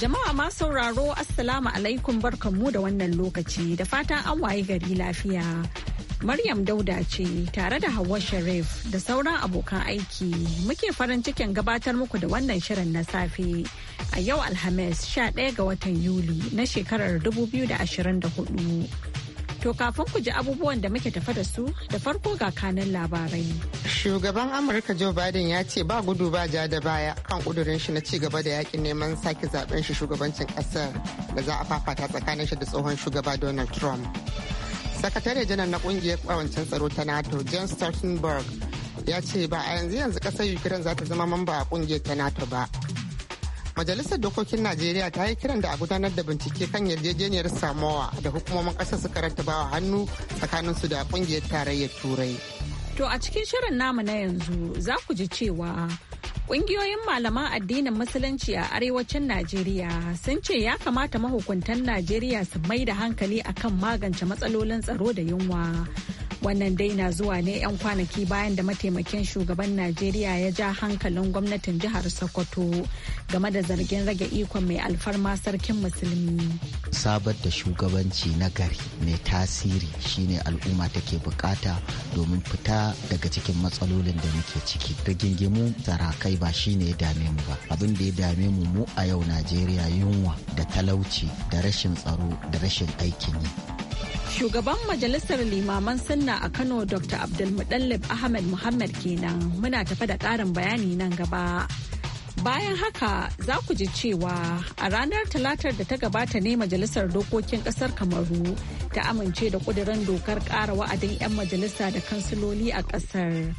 Jama'a ma sauraro Assalamu alaikum barkanmu da wannan lokaci da fatan an waye gari lafiya. Maryam Dauda ce tare da Hauwa Sharif da sauran abokan aiki muke farin cikin gabatar muku da wannan shirin na safe a yau Alhamis 11 ga watan Yuli na shekarar 2024. To kafin ku ji abubuwan da muke tafa da su da farko ga kanan labarai. Shugaban Amurka Joe Biden ya ce ba gudu ba ja da baya kan kudurin shi na cigaba da yakin neman sake zaben shi shugabancin kasar da za a fafata tsakanin shi da tsohon shugaba Donald Trump. Sakatare janar na kungiyar kwawancin tsaro ta NATO Jen Stoltenberg ya ce ba a yanzu yanzu kasar Ukraine za ta zama mamba a kungiyar ta NATO ba. Majalisar Dokokin Najeriya ta yi kiran da a gudanar da bincike kan yarjejeniyar Samowa da hukumomin ƙasar suka rattabawa hannu tsakaninsu da ƙungiyar tarayyar Turai. To a cikin shirin namu na yanzu za ku ji cewa Ƙungiyoyin malaman addinin Musulunci a arewacin Najeriya sun ce ya kamata mahukuntan Najeriya su mai da hankali akan magance matsalolin tsaro da yunwa. wannan dai na zuwa ne 'yan kwanaki bayan da mataimakin shugaban najeriya ya ja hankalin gwamnatin jihar sokoto game da zargin rage ikon mai alfarma sarkin musulmi sabar da shugabanci na gari mai tasiri shine al'umma take bukata domin fita daga cikin matsalolin da muke ciki rigingimu sarakai ba shine ya dame mu ba abin da ya dame mu mu a yau najeriya yunwa da talauci da rashin tsaro da rashin aikin yi Shugaban Majalisar Limaman Sunna a Kano Dr. abdulmuɗallib Ahmed Muhammad kenan muna tafa da ƙarin bayani nan gaba. Bayan haka za ku ji cewa a ranar talatar da ta gabata ne majalisar dokokin kasar Kamaru ta amince da kudirin dokar ƙara wa'adin 'yan majalisa da kansiloli a ƙasar.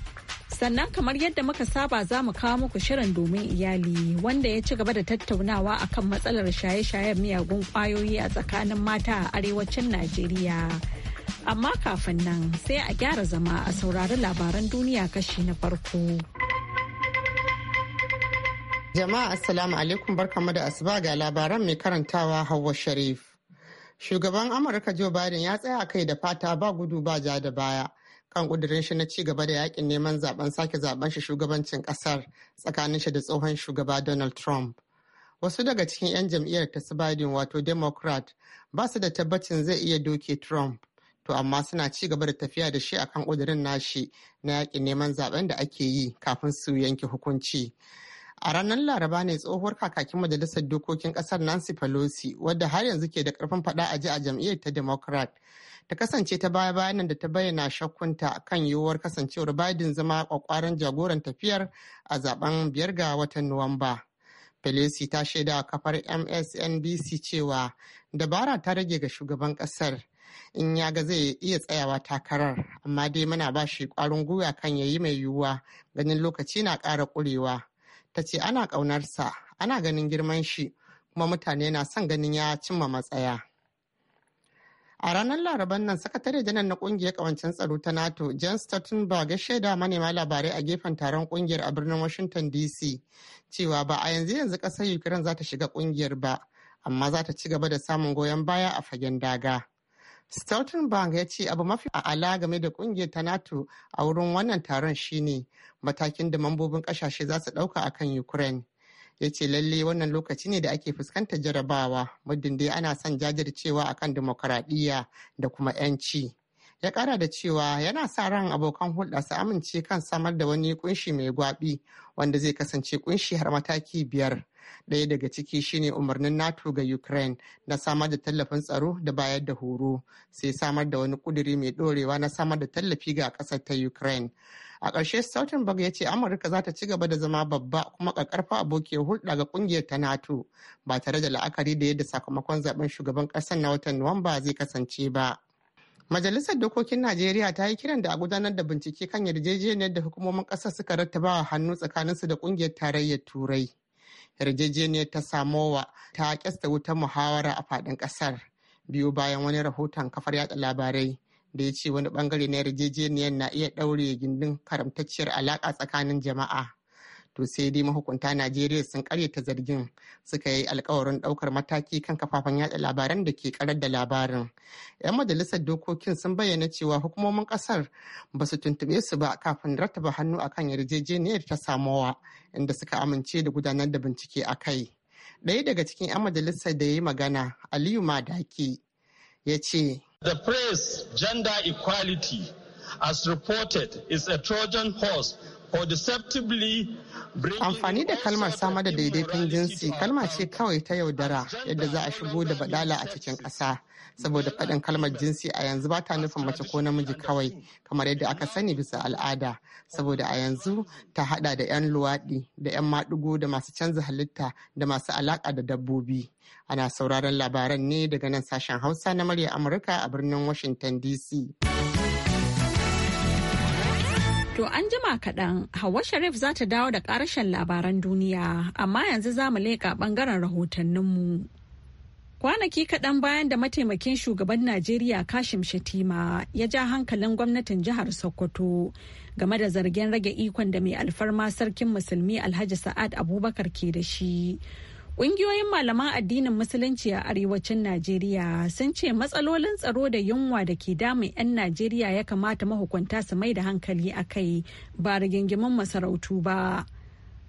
Sannan kamar yadda muka saba za mu kawo muku shirin domin iyali wanda ya ci gaba da tattaunawa akan matsalar shaye-shayen miyagun ƙwayoyi a tsakanin mata a arewacin Najeriya. Amma kafin nan sai a gyara zama a saurari labaran duniya kashi na farko. Jama'a Assalamu alaikum barkamu da asuba ga labaran mai karantawa Hauwa Sharif. Shugaban Amurka Joe Biden ya tsaya kai da fata ba gudu ba ja da baya kan kudirin shi na ci gaba da yakin neman zaben sake zaben shi shugabancin kasar tsakanin shi da tsohon shugaba Donald Trump. Wasu daga cikin 'yan jam'iyyar ta su Biden wato Democrat ba su da tabbacin zai iya doke Trump. To amma suna ci gaba da tafiya da shi akan kudirin nashi na yakin neman zaben da ake yi kafin su yanke hukunci. A ranar Laraba ne tsohuwar kakakin majalisar dokokin kasar Nancy Pelosi wadda har yanzu ke da karfin fada a ji a jam'iyyar ta Democrat ta kasance ta baya bayan da ta bayyana shakkunta kan yiwuwar kasancewar Biden zama kwakwaran jagoran tafiyar a zaben biyar ga watan Nuwamba. Pelosi ta shaida a kafar MSNBC cewa dabara ta rage ga shugaban kasar in ya ga zai iya tsayawa takarar amma dai muna ba shi kwarin gwiwa kan yayi mai yiwuwa ganin lokaci na ƙara ƙurewa. ta ce ana ƙaunarsa ana ganin girman shi kuma mutane na son ganin ya cimma matsaya. A ranar Laraban nan, sakatare janar na kungiyar kawancin tsaro ta NATO, Jan Stoltenberg ya shaida manema labarai a gefen taron kungiyar a birnin Washington DC cewa ba a yanzu yanzu kasar Ukraine za ta shiga kungiyar ba, amma za ta ci gaba da samun goyon baya a fagen daga. Stoltenberg ya ce abu mafi a'ala game da kungiyar ta NATO a wurin wannan taron shine matakin da mambobin kasashe za su dauka akan Ukraine. ya ce lalle wannan lokaci ne da ake fuskantar jarabawa muddin dai ana son jajircewa akan dimokuraɗiyya da kuma 'yanci. ya kara da cewa yana sa ran abokan hulɗa su amince kan samar da wani kunshi mai gwabi wanda zai kasance kunshi har mataki biyar ɗaya daga ciki shine umarnin nato ga ukraine na samar da tallafin tsaro da bayar da horo sai samar da wani kuduri mai ɗorewa na samar da tallafi ga ƙasar ta ukraine a ƙarshe stoltenberg ya ce amurka za ta ci gaba da zama babba kuma ƙaƙƙarfa abokiyar hulɗa ga ƙungiyar ta nato ba tare da la'akari da yadda sakamakon zaben shugaban ƙasar na watan nuwamba zai kasance ba Majalisar Dokokin Najeriya ta yi kiran da a gudanar da bincike kan yarjejeniyar da hukumomin ƙasar suka rattaba hannu tsakaninsu da ƙungiyar tarayyar Turai. Yarjejeniyar ta Samowa ta kyasta wutar muhawara a faɗin ƙasar biyu bayan wani rahoton kafar yatsa labarai da ya ce wani bangare na yarjejeniyar na iya ɗaure gindin karamtacciyar alaƙa tsakanin jama'a. to sai dai mahukunta najeriya sun karyata zargin suka yi alkawarin daukar mataki kan kafafen yada labaran da ke karar da labarin yan majalisar dokokin sun bayyana cewa hukumomin kasar ba su tuntube su ba kafin rattaba hannu akan yarjejeniyar ta samowa inda suka amince da gudanar da bincike a kai ɗaya daga cikin 'yan majalisar da ya yi magana aliyu madaki ya ce the press gender equality as reported, is a Trojan horse for deceptively Amfani da kalmar samar da daidaiton jinsi kalma ce kawai ta yaudara yadda za a shigo da badala a cikin ƙasa. Saboda faɗin kalmar jinsi a yanzu ba ta nufin mace ko namiji kawai kamar yadda aka sani bisa al'ada. Saboda a yanzu ta hada da 'yan luwaɗi da 'yan maɗigo da masu canza halitta da masu alaƙa da dabbobi. Ana sauraron labaran ne daga nan sashen Hausa na murya Amurka a birnin Washington DC. To an jima kaɗan Hawwa Sharif za ta dawo da ƙarashen labaran duniya, amma yanzu za mu leƙa ɓangaren rahotanninmu. Kwanaki kaɗan bayan da mataimakin shugaban Najeriya Kashim Shatima ya ja hankalin gwamnatin jihar Sokoto game da zargin rage ikon da mai alfarma sarkin musulmi Alhaji Sa'ad Abubakar ke da shi. Ƙungiyoyin malaman addinin Musulunci a arewacin Najeriya sun ce matsalolin tsaro da yunwa da ke damun 'yan Najeriya ya kamata mahukunta su mai da hankali a kai ba rigingimin masarautu ba.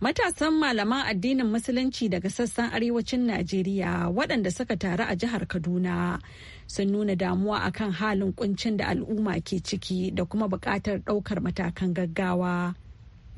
Matasan malaman addinin Musulunci daga sassan arewacin Najeriya waɗanda suka taru a jihar Kaduna sun nuna damuwa akan halin kuncin da al'umma ke ciki da kuma buƙatar ɗaukar matakan gaggawa.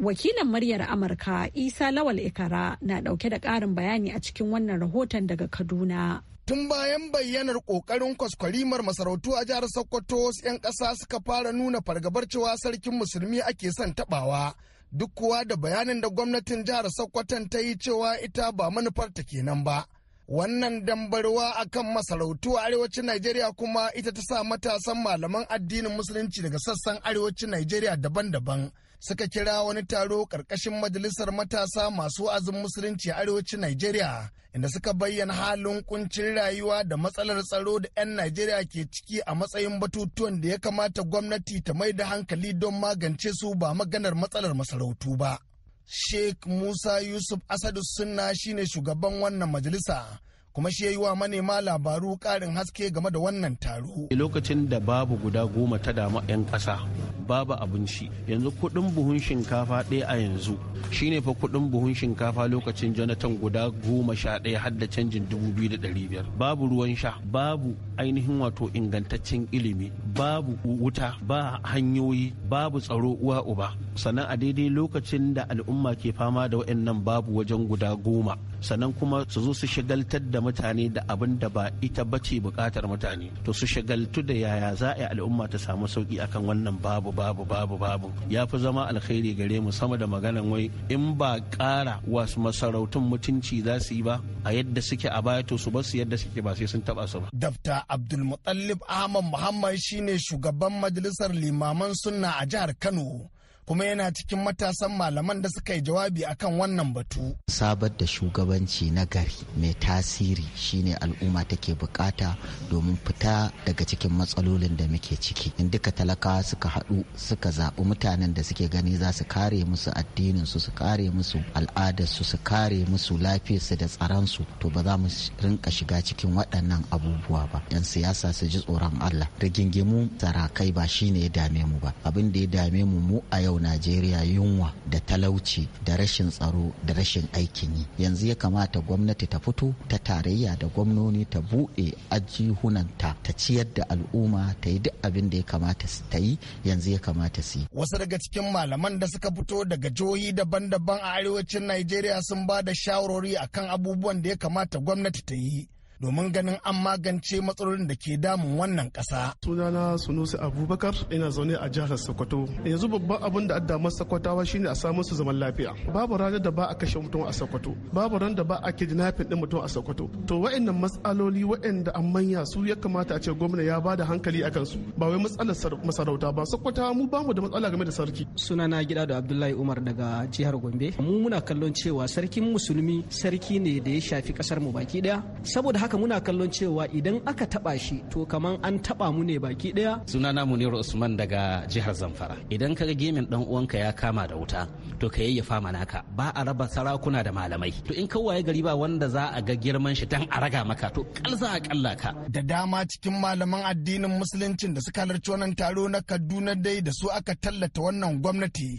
Wakilin maryar Amurka Isa Lawal Ikara na dauke da karin bayani a cikin wannan rahoton daga Kaduna. tun bayan bayyanar kokarin kwaskwarimar masarautu a jihar sokoto wasu 'yan ƙasa suka fara nuna fargabar cewa sarkin musulmi ake son tabawa duk kuwa da bayanin da gwamnatin jihar sokoton ta yi cewa ita ba manufarta kenan ba wannan dambarwa kan masarautu a arewacin najeriya kuma ita ta sa matasan malaman addinin musulunci daga sassan arewacin najeriya daban-daban suka kira wani taro ƙarƙashin majalisar matasa masu wa'azin musulunci a arewacin Najeriya inda suka bayyana halin kuncin rayuwa da matsalar tsaro da 'yan Najeriya ke ciki a matsayin batutuwan da ya kamata gwamnati ta mai da hankali don magance su ba maganar matsalar masarautu ba. Sheikh Musa Yusuf Asadu Sunna shine shugaban wannan majalisa. kuma shi ya yi wa manema labaru karin haske game da wannan taro. Lokacin da babu guda goma ta dama 'yan ƙasa babu abinci yanzu kuɗin buhun shinkafa ɗaya a yanzu shine fa kuɗin buhun shinkafa lokacin Jonathan guda goma sha ɗaya har da canjin dubu biyu da ɗari biyar babu ruwan sha babu ainihin wato ingantaccen ilimi babu wuta ba hanyoyi babu tsaro uwa uba sannan a daidai lokacin da al'umma ke fama da waɗannan babu wajen guda goma sannan kuma su zo su shagaltar da mutane da abin da ba ita bace bukatar mutane to su shagaltu da yaya za a yi al'umma ta samu sauki akan wannan babu babu babu babu ya fi zama alkhairi gare mu sama da maganan wai in ba ƙara wasu masarautun mutunci za su yi ba a yadda suke a baya to su bar su yadda suke ba sai sun taba su ba. Dafta Abdulmutallib Ahmad Muhammad shine shugaban majalisar limaman sunna a jihar Kano kuma yana cikin matasan malaman da suka yi jawabi akan wannan batu. Sabar da shugabanci na gari mai tasiri shine al'umma take bukata domin fita daga cikin matsalolin da muke ciki. In duka talakawa suka haɗu suka zaɓi mutanen da suke gani za su kare musu addinin su su kare musu al'adar su su kare musu lafiyarsu da tsaron su to ba za mu rinka shiga cikin waɗannan abubuwa ba. 'Yan siyasa su ji tsoron Allah. Rigingimu sarakai ba shine ya dame mu ba. Abin da ya dame mu mu a yau yau najeriya yunwa da talauci da rashin tsaro da rashin aikin yi yanzu ya kamata gwamnati ta fito ta tarayya da gwamnoni ta buɗe ajihunanta ta ciyar da al'umma ta yi duk abin da ya kamata su ta yi yanzu ya kamata su yi wasu daga cikin malaman da suka fito daga jihohi daban-daban a arewacin najeriya sun ba da shawarwari akan abubuwan da ya kamata gwamnati ta yi domin ganin an magance matsalolin da ke damun wannan kasa Sunana Sunusi Abubakar ina zaune a jihar Sokoto. Yanzu babban abin da addamar Sokotawa shine a samu su zaman lafiya. Babu ranar da ba a kashe mutum a Sokoto. Babu ranar da ba a kidnapping din mutum a Sokoto. To wa'annan matsaloli wa'anda an manya su ya kamata a ce gwamna ya ba da hankali a kansu. Ba wai matsalar masarauta ba. Sokotawa mu bamu da matsala game da sarki. Sunana Gida da Abdullahi Umar daga jihar Gombe. Mu muna kallon cewa sarkin musulmi sarki ne da ya shafi kasar mu baki daya. Saboda haka muna kallon cewa idan aka taba shi to kaman an taba mu ne baki daya sunana munir usman daga jihar zamfara idan ka ga gemin dan uwanka ya kama da wuta to ka yayyafa naka ba a raba sarakuna da malamai to in kawaye gari ba wanda za a ga girman shi dan a raga maka to kalza a kalla ka da dama cikin malaman addinin musuluncin da suka halarci wannan taro na kaduna dai da su aka tallata wannan gwamnati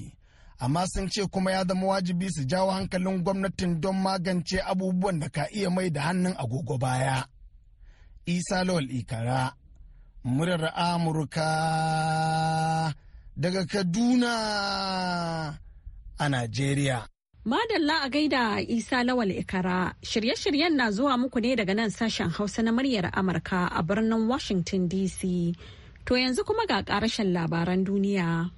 amma sun ce kuma ya zama wajibi su jawo hankalin gwamnatin don magance abubuwan da ka iya mai da hannun agogo baya. Isa Lawal Ikara, murar Amurka daga Kaduna a Najeriya. Madalla a gaida Isa Lawal Ikara, shirye-shiryen na zuwa muku ne daga nan sashen Hausa na muryar Amurka a birnin Washington DC. To yanzu kuma ga ƙarashen labaran duniya.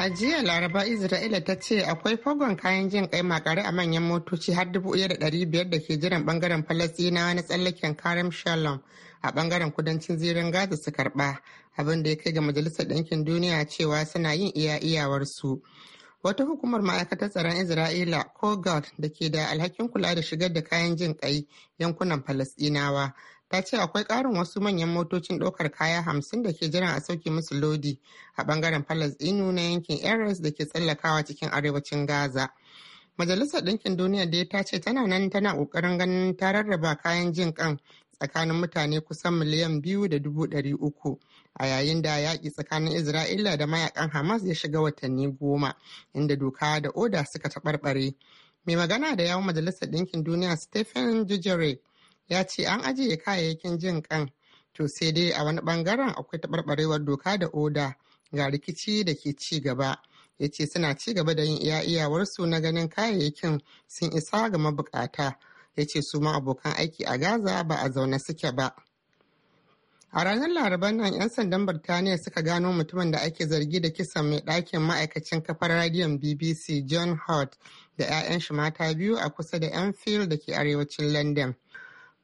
A jiya Laraba Isra'ila ta ce akwai fagon kayan jin kai makare a manyan motoci har dubu da ɗari biyar da ke jiran bangaren Falasɗinawa na tsallaken Karim Shalom a bangaren kudancin zirin Gaza su karba abin da ya kai ga Majalisar Ɗinkin Duniya cewa suna yin iya iyawarsu. Wata hukumar ma'aikatar tsaron Isra'ila, Kogod, da ke da alhakin kula da shigar da kayan jin kai yankunan Falasɗinawa ta ce akwai ƙarin wasu manyan motocin ɗaukar kaya hamsin da ke jiran a sauke musu lodi a ɓangaren inu na yankin Eres da ke tsallakawa cikin arewacin Gaza. Majalisar Ɗinkin Duniya dai ta ce tana nan tana ƙoƙarin ganin ta rarraba kayan jin kan tsakanin mutane kusan miliyan biyu da dubu ɗari uku a yayin da yaƙi tsakanin Isra'ila da mayakan Hamas ya shiga watanni goma inda doka da oda suka taɓarɓare. Mai magana da yawon Majalisar Ɗinkin Duniya Stephen jujere ya ce an ajiye kayayyakin jin kan to sai dai a wani bangaren akwai taɓarɓarewar doka da oda ga rikici da ke ci gaba ya ce suna ci gaba da yin iya iyawarsu na ganin kayayyakin sun isa ga mabukata ya ce su ma abokan aiki a gaza ba a zaune suke ba a ranar laraban nan 'yan sandan birtaniya suka gano mutumin da ake zargi da kisan mai ɗakin ma'aikacin kafar radiyon bbc john hurt da 'ya'yan shi mata biyu a kusa da enfield da ke arewacin london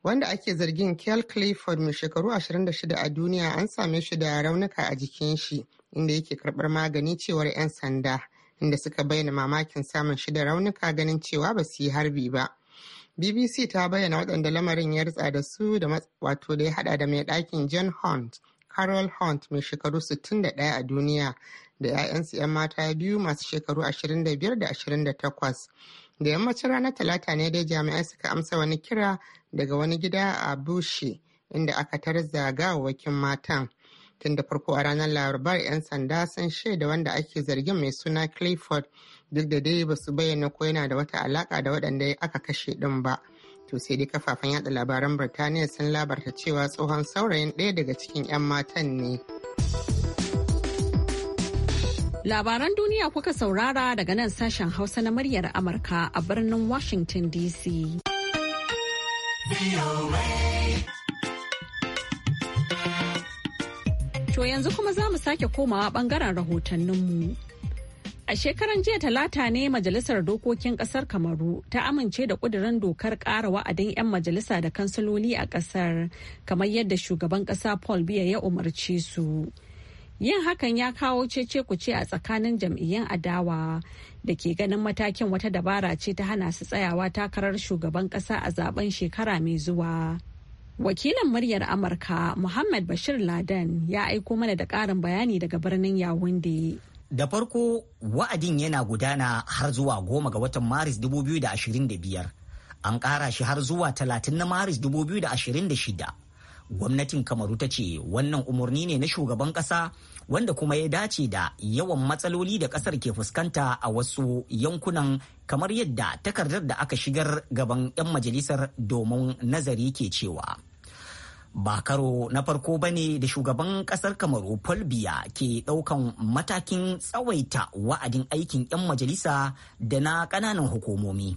wanda ake zargin Kel Clifford mai shekaru 26 a duniya an same shi da raunuka a jikin shi inda yake karbar magani cewar 'yan sanda inda suka bayyana mamakin samun shi da raunuka ganin cewa ba su yi harbi ba. BBC ta bayyana waɗanda lamarin ya ritsa da su da wato da ya hada da mai ɗakin John Hunt, Carol Hunt mai shekaru 61 a duniya da 'ya'yansu 'yan mata biyu masu shekaru 25 da 28. da yammacin ranar talata ne dai jami'ai suka amsa wani kira daga wani gida a bushe inda aka tarza gawawakin matan tun da farko a ranar larabar 'yan sanda sun shaida wanda ake zargin mai suna clifford duk da dai ba su bayyana ko yana da wata alaka da waɗanda aka kashe ɗin ba to sai dai kafafen yada labaran birtaniya sun labarta cewa tsohon saurayin ɗaya daga cikin 'yan matan ne. Labaran duniya kuka saurara daga nan sashen Hausa na muryar Amurka a birnin Washington DC. To yanzu kuma za mu sake komawa bangaren rahotanninmu. A shekaran jiya talata ne Majalisar Dokokin Kasar Kamaru ta amince da ƙudurin dokar ƙara wa'adin 'yan majalisa da kansiloli a ƙasar, kamar yadda shugaban ƙasa Paul Biya ya umarce su. yin hakan ya kawo cece kuce a tsakanin jam'iyyun adawa da ke ganin matakin wata dabara ce ta hana su tsayawa takarar shugaban kasa a zaben shekara mai zuwa wakilin muryar amurka muhammad bashir laden ya aiko mana da ƙarin bayani daga birnin yawunde da farko wa'adin yana gudana har zuwa goma ga watan maris 2025 an ƙara shi har zuwa 30 na maris 2026 gwamnatin kamaru ta ce wannan umarni ne na shugaban ƙasa wanda kuma ya dace da yawan matsaloli da ƙasar ke fuskanta a wasu yankunan kamar yadda takardar da aka shigar gaban 'yan majalisar domin nazari ke cewa. ba karo na farko bane da shugaban kasar kamaru paul ke daukan matakin tsawaita wa'adin aikin 'yan majalisa da na kananan hukumomi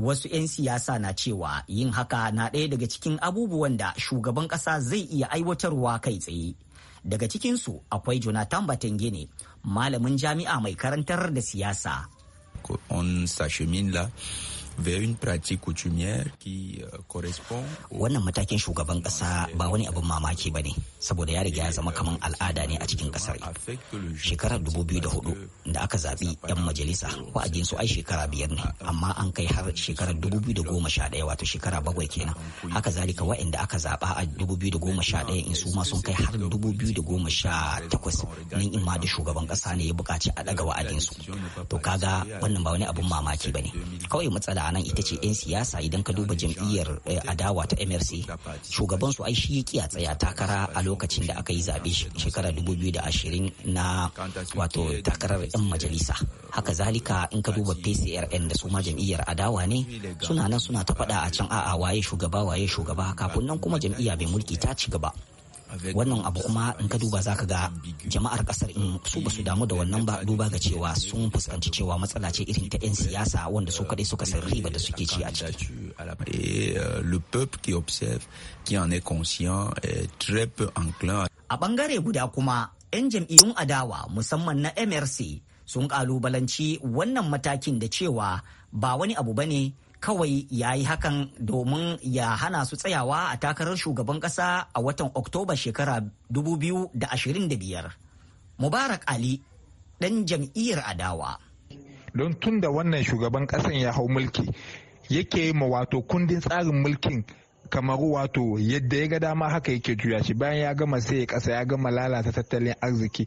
wasu 'yan siyasa na cewa yin haka na ɗaya daga cikin abubuwan da shugaban ƙasa zai iya aiwatarwa kai tsaye daga cikinsu akwai jonathan batangene malamin jami'a mai karantar da siyasa on Uh, wannan matakin shugaban kasa ba wani abin mamaki ba ne, saboda ya riga ya zama kamar al'ada ne a cikin ƙasar. Shekarar 2004 da aka zaɓi 'yan majalisa wa'adinsu ai shekara biyar ne, amma an kai har shekarar 2011 wato shekara bakwai kenan. Haka zalika wa'inda aka zaɓa a 2011 in su ma sun kai har 2018 nan in ma da shugaban kasa ne ya buƙaci a ɗaga wa'adinsu. To kaga wannan ba wani abin mamaki ba ne. Kawai matsala anan nan ita ce 'yan siyasa idan ka duba jam'iyyar eh, adawa ta mrc shugaban su ai shi ya a tsaya takara a lokacin da aka yi zaɓe shekara 2020 na wato takarar 'yan majalisa haka zalika in ka duba pcrn da su ma jam'iyyar adawa ne suna nan suna ta faɗa a can a'a waye shugaba waye shugaba kafin nan kuma jam'iyya mai mulki ta ci gaba wannan abu kuma in ka duba za ka ga jama'ar kasar in su ba su damu da wannan ba duba ga cewa sun fuskanci cewa matsala ce irin ta 'yan siyasa wanda su kadai suka san riba da suke ci a ciki. A bangare guda kuma, 'yan jam'iyyun adawa musamman na MRC sun kalubalanci wannan matakin da cewa ba wani abu bane kawai ya yi hakan domin ya hana su tsayawa a takarar shugaban kasa a watan Oktoba shekara 2025. Mubarak Ali, ɗan jam'iyyar adawa. Don tun da wannan shugaban kasan ya hau mulki, yake yi wato kundin tsarin mulkin kamaru wato yadda ya ga dama haka yake juya shi bayan ya gama sai ya kasa ya gama lalata tattalin arziki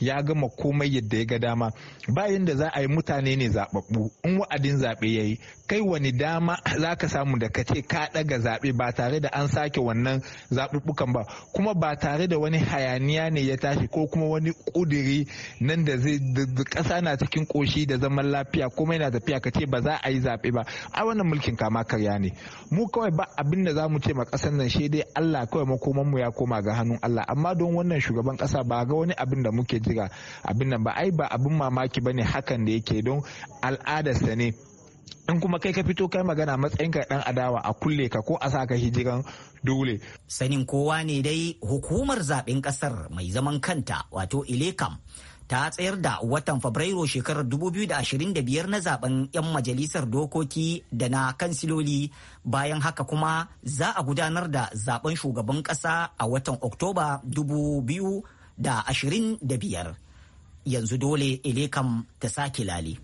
ya gama komai yadda ya ga dama bayan da za a yi mutane ne zababbu in wa'adin zaɓe ya yi kai wani dama za ka samu da ka ce ka ɗaga zaɓe ba tare da an sake wannan zaɓuɓɓukan ba kuma ba tare da wani hayaniya ne ya tashi ko kuma wani ƙudiri nan da zai ƙasa na cikin ƙoshi da zaman lafiya komai na tafiya ka ce ba za a yi zaɓe ba a wannan mulkin kama karya ne mu kawai ba abin da za mu ce ma ƙasar nan shi dai Allah kawai makoman mu ya koma ga hannun Allah amma don wannan shugaban ƙasa ba ga wani abin da muke jira abin nan ba ai ba abin mamaki bane hakan da yake don al'adarsa ne in kuma kai ka fito kai magana matsayin matsayinka dan adawa a kulle ka ko a sa ka hijiran dole. Sanin kowa ne dai hukumar zaben ƙasar mai zaman kanta wato Ilekam ta tsayar da watan Fabrairu shekarar 2025 na zaben 'yan majalisar dokoki da na kansiloli bayan haka kuma za a gudanar da zaben shugaban ƙasa a watan Oktoba 2025. Yanzu dole elekam ta sake lale.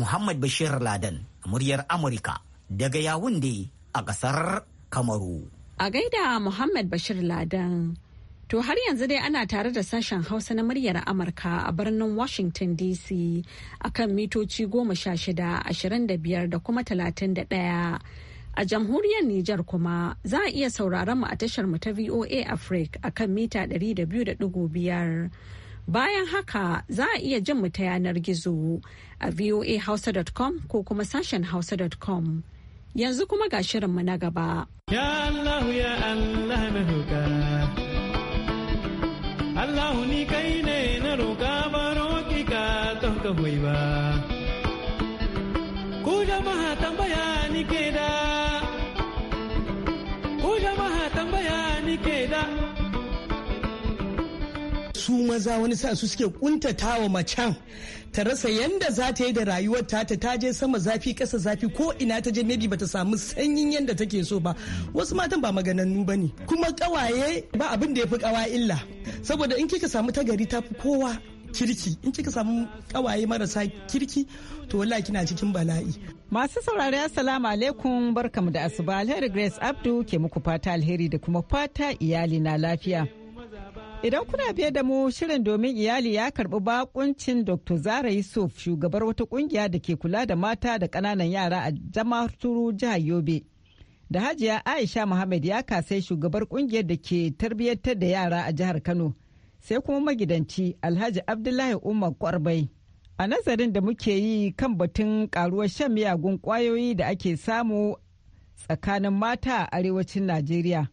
Muhammad Bashir Laden, muryar Amurka, daga Yawunde a ƙasar Kamaru. A gaida Muhammad Bashir Laden. To har yanzu dai ana tare da sashen Hausa na muryar Amurka a birnin Washington DC akan mitoci goma sha shida, ashirin da biyar da kuma talatin da ɗaya. A jamhuriyar Nijar kuma za a iya sauraron mu a tashar mu ta VOA Africa akan mita ɗari da biyu da ɗigo biyar. Bayan haka za a iya jin mu ta yanar gizo a voahausa.com ko kuma sashen hausa.com. Yanzu kuma ga mu na gaba. Ya Allah ya Allah Allah ni kai ne na roƙa baro ki ka don ka ba. Ku jama'a tambaya ni ke da maza wani sa su suke kuntata wa macen ta rasa yanda za ta yi da rayuwar ta ta je sama zafi kasa zafi ko ina ta je maybe bata samu sanyin yanda take so ba wasu matan ba maganannu ba ne kuma kawaye ba abin da ya fi kawa illa saboda in kika samu tagari ta fi kowa kirki in kika samu kawaye marasa kirki to wallahi kina cikin bala'i masu saurari assalamu alaikum barkamu da asuba alheri grace abdu ke muku fata alheri da kuma fata iyali na lafiya Idan kuna biye da mu shirin domin iyali ya karbi bakuncin Dr. Zara Yusuf shugabar wata kungiya da ke kula da mata da kananan yara a turu jihar Yobe. Da Hajiya Aisha Muhammad ya kasai shugabar kungiyar da ke tarbiyyantar da yara a jihar Kano. Sai kuma magidanci Alhaji Abdullahi Umar Kwarbai. A nazarin da muke yi kan batun karuwar shan miyagun kwayoyi da ake samu tsakanin mata a arewacin Najeriya.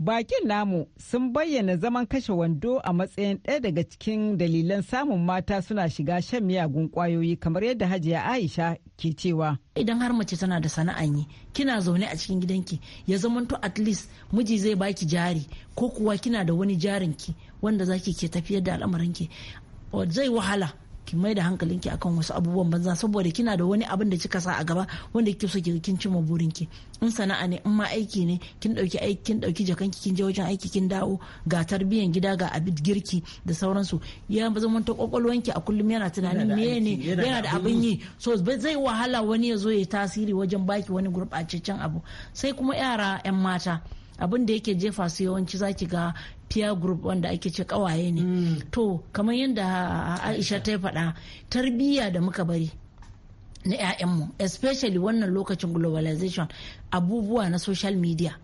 Bakin namu sun bayyana zaman kashe wando a matsayin ɗaya daga cikin dalilan samun mata suna shiga shan miyagun ƙwayoyi kamar yadda Hajiya Aisha ke cewa. Idan har mace tana da sana'an yi, kina zaune a cikin gidanki, ya zamanto at least miji zai baki jari ko kuwa kina da wani jarinki wanda zaki ke tafiyar da al'amuranki. Zai wahala ki mai da hankalinki akan wasu abubuwan banza saboda kina da wani abin da kika sa a gaba wanda kike so ki kin cimma burinki in sana'a ne in ma aiki ne kin dauki aiki kin dauki jakanki kin je wajen aiki kin dawo ga tarbiyyan gida ga abin girki da sauransu ya zama ta kwakwalwanki a kullum yana tunanin me ne yana da abin yi so zai wahala wani ya zo ya tasiri wajen baki wani gurɓataccen abu sai kuma yara 'yan mata abin da yake jefa su yawanci zaki ga peer group wanda ake ce kawaye ne mm. to kamar yadda aisha ta yi faɗa tarbiyya da muka bari na 'ya'yanmu especially wannan lokacin globalization abubuwa na social media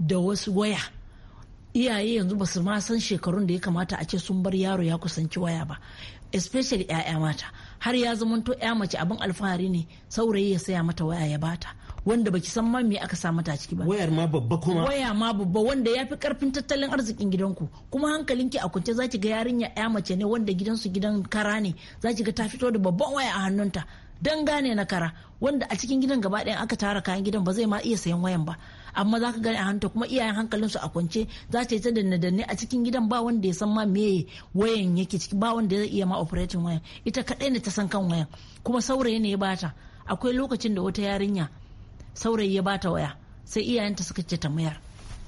da wasu waya iyaye yanzu ba su ma san shekarun da ya kamata a ce sun bar yaro ya kusanci waya ba especially 'ya'ya mata har ya zamanto 'ya mace abin alfahari ne saurayi ya saya mata waya ya bata wanda baki san ma me aka samu ta ciki ba wayar ma babba kuma waya ma babba wanda ya fi karfin tattalin arzikin gidanku kuma hankalin hankalinki a kunce zaki ga yarinya ya mace ne wanda gidansu gidan kara ne zaki ga ta fito da babban waya a hannunta dan gane na kara wanda a cikin gidan gaba ɗaya aka tara kayan gidan ba zai ma iya sayan wayan ba amma za ka gani a hanta kuma iyayen hankalinsu a kwance za ta yi ta danne danne a cikin gidan ba wanda ya san ma meye wayan yake ciki ba wanda zai iya ma operating wayan ita kaɗai ne ta san kan wayan kuma saurayi ne ya bata akwai lokacin da wata yarinya saurayi ya bata waya sai iyayenta suka ce ta mayar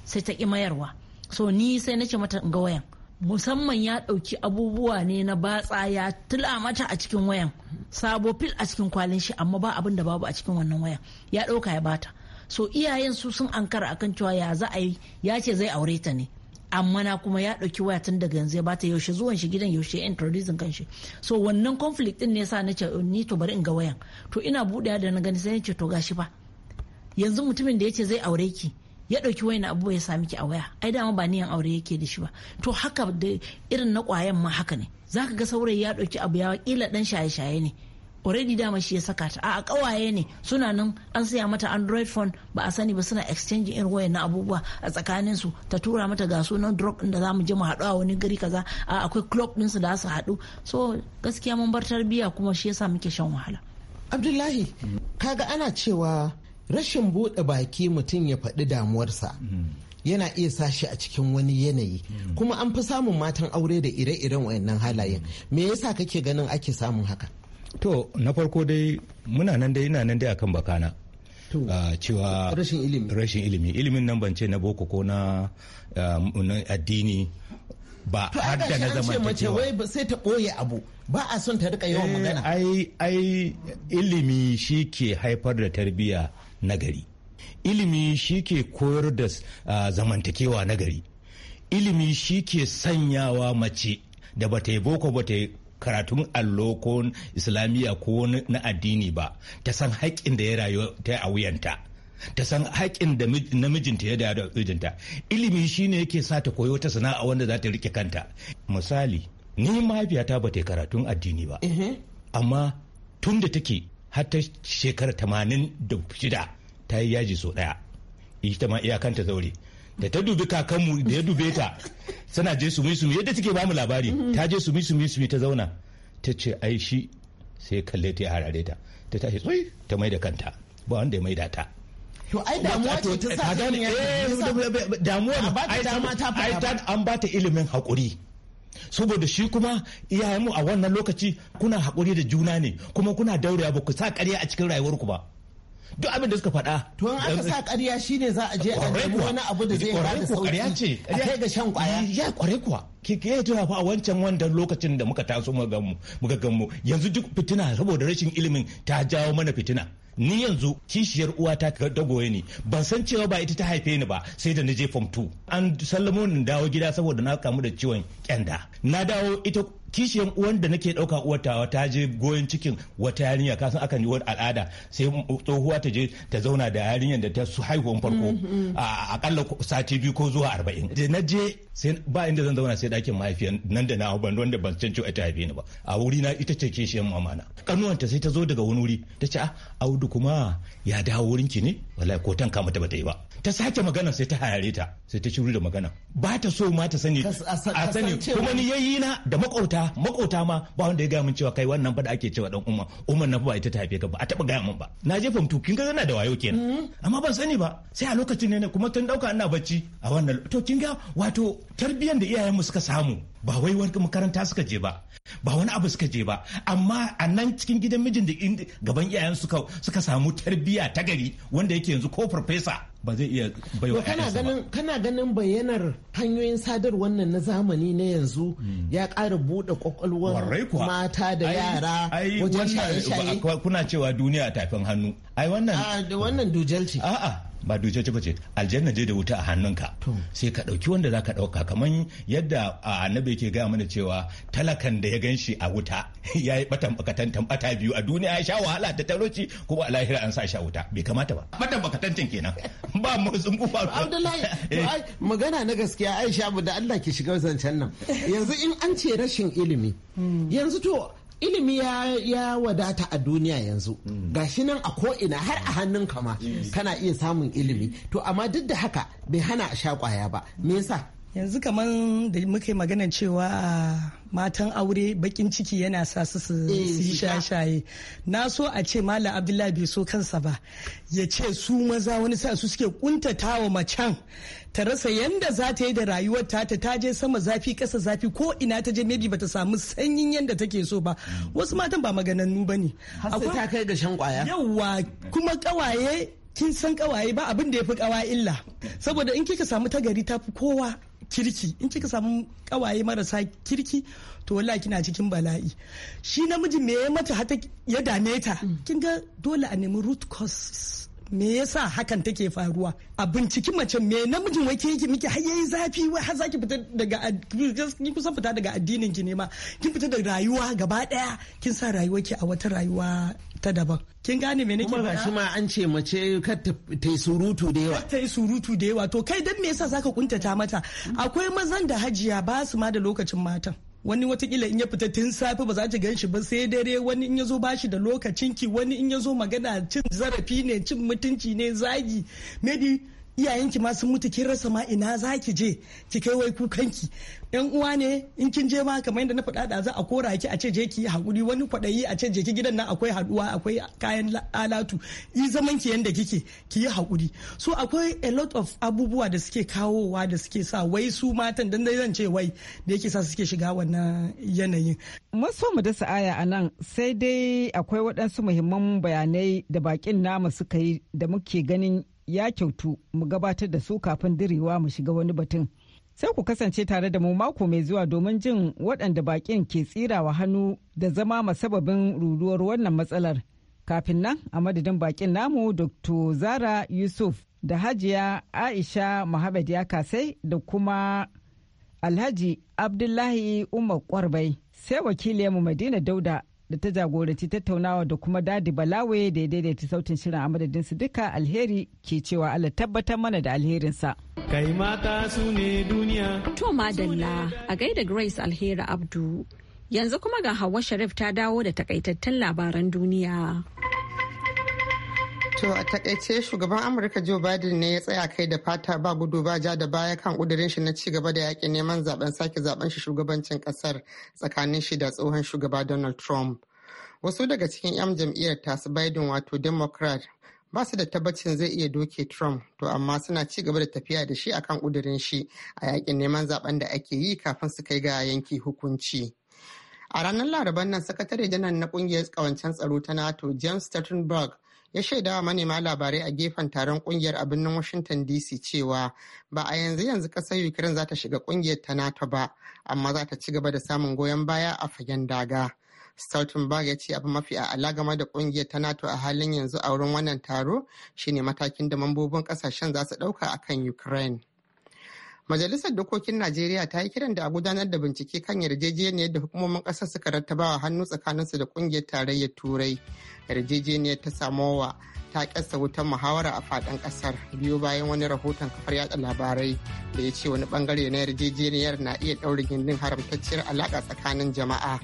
sai ta ki mayarwa so ni sai na ce mata in ga wayan musamman ya ɗauki abubuwa ne na batsa ya tula mata a cikin wayan sabo fil a cikin kwalin shi amma ba abin da babu a cikin wannan wayan ya ɗauka ya bata so iyayen su sun ankara akan cewa ya za a yi ya ce zai aure ta ne amma na kuma ya ɗauki waya tun daga yanzu ya bata yaushe zuwan shi gidan yaushe introducing kan shi so wannan conflict din ne yasa na ce eh, ni to bari in ga wayan to ina buɗewa da na gani sai ce to gashi ba yanzu mutumin da ya ce zai aure ki ya ɗauki wayan abu ya sami ki a waya ai dama ba niyan aure yake da shi ba to haka da irin na kwayan ma haka ne zaka ga saurayi ya ɗauki abu ya kila ɗan shaye-shaye ne already dama shi ya saka ta a kawaye ne suna nan an saya mata android phone ba a sani ba suna exchange irin wayan na abubuwa a tsakanin su ta tura mata ga sunan drop din da zamu je mu haɗu a wani gari kaza a akwai club din su da su haɗu so gaskiya mun bar tarbiya kuma shi yasa muke shan wahala abdullahi kaga ana cewa rashin buɗe baki mutum ya faɗi damuwarsa yana iya sashi a cikin wani yanayi kuma an fi samun matan aure da ire-iren wayannan halayen me yasa kake ganin ake samun haka to na farko dai muna nan dai ina nan dai akan bakana Uh, cewa rashin ilimi rashin ilimi ilimin nan ban ce na boko ko na ah, addini ba har da na zaman mace wai sai ta ɓoye abu ba a son ta rika yawan eh, magana ai ai ilimi shi ke haifar da tarbiyya nagari ilimi shi ke koyar da zamantakewa nagari ilimi shi ke sanyawa mace da bata yi boko bata yi karatun allo ko islamiyya ko na addini ba ta san haƙƙin da ya rayu ta a wuyanta ta san haƙƙin da namijinta ya da da mijinta ilimi shine yake sa ta koyo ta sana'a wanda za ta rike kanta misali ni mahaifiyata ba ta karatun addini ba mhm. amma tun da take har ta shekara tamanin da shida ta yi yaji sau ɗaya ita ma iyakanta zaure da ta dubi kakanmu da ya dube ta sana je su sumi yadda take mu labari ta je su sumi sumi ta zauna ta ce ai shi sai kalle ta harare ta ta tashi tsoyi ta mai da kanta ba wanda ya mai da ta to ai damuwa ce ta sa eh, damuwa ai ta an ba ta ilimin haƙuri. saboda shi kuma iyayenmu a wannan lokaci kuna haƙuri da juna ne kuma kuna daurewa ba ku sa ƙarya a cikin rayuwarku ba duk abin da suka faɗa. To an aka sa ƙarya shine za a je a nemi wani abu da zai bada sauki. Ƙarya ce. A kai ga shan ƙwaya. Eh, ya ƙware kuwa. ke ke tuna fa a wancan wanda lokacin da muka taso muka ganmu ganmu yanzu duk fitina saboda rashin ilimin ta jawo mana fitina. ni yanzu kishiyar uwata ta goye ni ban san cewa ba ita ta haife ni ba sai da na je form 2 an sallamo ni dawo gida saboda na kamu da ciwon kyanda na dawo ita kishiyan uwan da nake dauka uwar ta ta je goyon cikin wata yarinya ka san akan yi wani al'ada sai tsohuwa ta je ta zauna da yarinyar da ta su haihuwan farko mm, mm. a akalla sati biyu ko zuwa arba'in da na je sai ba inda zan zauna sai dakin mahaifiyan nan da na ban wanda ban san cewa ita haife ni ba a wuri na ita ce kishiyan mamana kanuwanta sai ta zo daga wani wuri ta ce a ah, audu kuma ya dawo ki ne wallahi ko tanka mata bata yi ba ta sake magana sai ta hayare ta sai ta shiru da magana ba ta so ma ta sani a sani kuma ni yayi na da makauta makauta ma ba wanda ya ga min cewa kai wannan fa da ake cewa dan umma umman na ba ita ta haife ka ba a taba ga min ba na je famtu kin ga yana da wayo kenan mm-hmm. amma ban sani ba sai a lokacin ne kuma tun dauka ina bacci a wannan to kin ga wato tarbiyyar da iyayen mu suka samu ba wai wani makaranta suka je ba ba wani abu suka je ba amma a nan cikin gidan mijin da gaban iyayen suka suka samu tarbiyya ta gari wanda yake yake yanzu ko farfesa ba zai iya baiwa kana ganin kana ganin bayyanar hanyoyin sadarwar nan na zamani na yanzu hmm. ya ƙara buɗe kwakwalwar mata da yara wajen shaye-shaye kuna cewa duniya tafin hannu ai wannan ah, wannan a'a ba dujaji ba ce aljanna je da wuta a hannunka sai ka ɗauki wanda za ka ɗauka kamar yadda annabi yake gaya mana cewa talakan da ya ganshi a wuta ya yi batan tambata biyu a duniya ya sha wahala da taroci kuma a lahira an sa sha wuta bai kamata ba batan bakatantan kenan ba mu sun kufa abdullahi eh. magana na gaskiya aisha da Allah ki shiga zancen nan yanzu in an ce rashin ilimi hmm. yanzu to ilimi ya, ya wadata a duniya yanzu ga mm. gashi nan a ko'ina har a hannun kama mm. kana iya samun ilimi to amma duk da haka bai hana a sha kwaya ba me yasa yanzu kamar da muka magana cewa ah, matan aure bakin ciki yana sa su su eh, yi shaye na so a ce malam abdullahi bai so kansa ba ya ce su maza wani sa su suke kuntata wa macen ta rasa yanda za ta yi da rayuwar ta ta je sama zafi kasa zafi ko ina ta je maybe bata samu sanyin yanda take so ba wasu matan ba maganannu ne. akwai ta kai ga shan kwaya yawa kuma kawaye kin san kawaye ba abin da ya fi kawa illa saboda in kika samu tagari ta fi kowa kirki in kika samu kawaye marasa kirki to wallahi kina cikin bala'i shi namiji me ya mata hata ya dame ta mm. kin ga dole a nemi root causes me yasa hakan take faruwa a binciki mace me namijin wai ke yake miki har yayi zafi wai har zaki fita daga kin kusa fita daga addinin ki ne ma kin fita daga rayuwa gaba daya kin sa rayuwar ki a wata rayuwa ta daban kin gane me nake ba shi ma an ce mace kar ta yi surutu da yawa ta yi surutu da yawa to kai dan me yasa zaka kuntata mata akwai mazan da hajiya ba su ma da lokacin matan wani watakila in ya fita tun safe ba za ta gan shi ba sai dare wani in ya zo shi da lokacin ki wani in ya zo magana cin zarafi ne cin mutunci ne zagi maybe iyayenki ma sun mutu kin rasa ma ina za ki je ki kai wai kukan ki yan uwa ne in kin je ma kamar yadda na faɗa da za a kora ki a ce je ki hakuri wani kwaɗayi a ce je ki gidan nan akwai haɗuwa akwai kayan alatu yi zaman ki yanda kike ki yi hakuri so akwai a lot of abubuwa da suke kawowa da suke sa wai su matan dan zan ce wai da yake sa suke shiga wannan yanayin maso mu dasa aya a nan sai dai akwai waɗansu muhimman bayanai da bakin namu suka yi da muke ganin ya kyautu mu gabatar da su kafin direwa mu shiga wani batun. Sai ku kasance tare da mu mako mai zuwa domin jin waɗanda baƙin ke tsira wa hannu da zama masababin ruruwar wannan matsalar. Kafin nan a madadin baƙin namu Dr. Zara Yusuf da Hajiya Aisha Muhammad ya kasai da kuma Alhaji Abdullahi Umar Kwarbai sai mu Madina Dauda da ta jagoranci tattaunawa da kuma dadi balawe da ya daidaita sautin shirin a madadin su duka alheri ke cewa Allah tabbatar mana da alherinsa. Kai mata su ne duniya. To madalla a gaida Grace Alheri Abdu. Yanzu kuma ga Hauwa Sharif ta dawo da takaitattun labaran duniya. To a takaice shugaban Amurka Joe Biden ne ya tsaya kai da fata ba gudu ba ja da baya kan kudirin shi na ci gaba da yakin neman zaben sake zaben shi shugabancin kasar tsakanin shi da tsohon shugaba Donald Trump. Wasu daga cikin 'yan jam'iyyar tasu Biden wato Democrat ba su da tabbacin zai iya doke Trump to amma suna ci gaba da tafiya da shi akan kudirin shi a yakin neman zaben da ake yi kafin su kai ga yanki hukunci. A ranar Laraban nan sakatare janar na kungiyar kawancen tsaro ta NATO James Stoltenberg ya shaida wa manema labarai a gefen taron kungiyar a birnin washington dc cewa ba a yanzu yanzu kasar ukraine za ta shiga kungiyar ta nato ba amma za ta ci gaba da samun goyon baya a fagen daga stoltenberg ya ce abu mafi a'ala game da kungiyar ta nato a halin yanzu a wurin wannan taro shine matakin da mambobin kasashen za su dauka akan ukraine Majalisar Dokokin Najeriya ta yi kiran da a gudanar da bincike kan yarjejeniyar da hukumomin ƙasar suka rattabawa hannu tsakaninsu da ƙungiyar tarayyar Turai. Yarjejeniyar ta Samowa ta ƙasa wutar muhawara a faɗin ƙasar biyu bayan wani rahoton kafar yaɗa labarai da ya ce wani bangare na yarjejeniyar na iya ɗaure gindin haramtacciyar alaƙa tsakanin jama'a.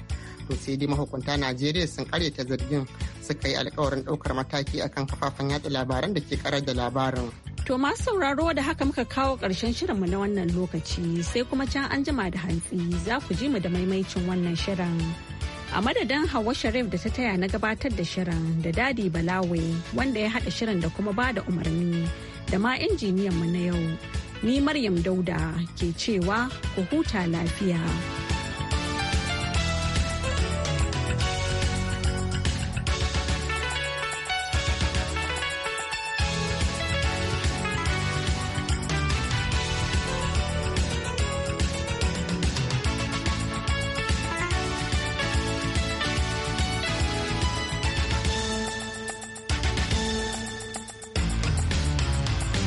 to sai dai mahukunta najeriya sun karyata zargin suka yi alkawarin ɗaukar mataki akan kafafen yaɗa labaran da ke karar da labarin To masu sauraro da haka muka kawo ƙarshen shirinmu na wannan lokaci sai kuma can an jima da hantsi za ku ji mu da maimaicin wannan shirin. A madadin Hawa Sharif da ta taya na gabatar da shirin da Dadi Balawe wanda ya haɗa shirin da kuma ba da umarni da ma injiniyanmu na yau. Ni Maryam Dauda ke cewa ku huta lafiya.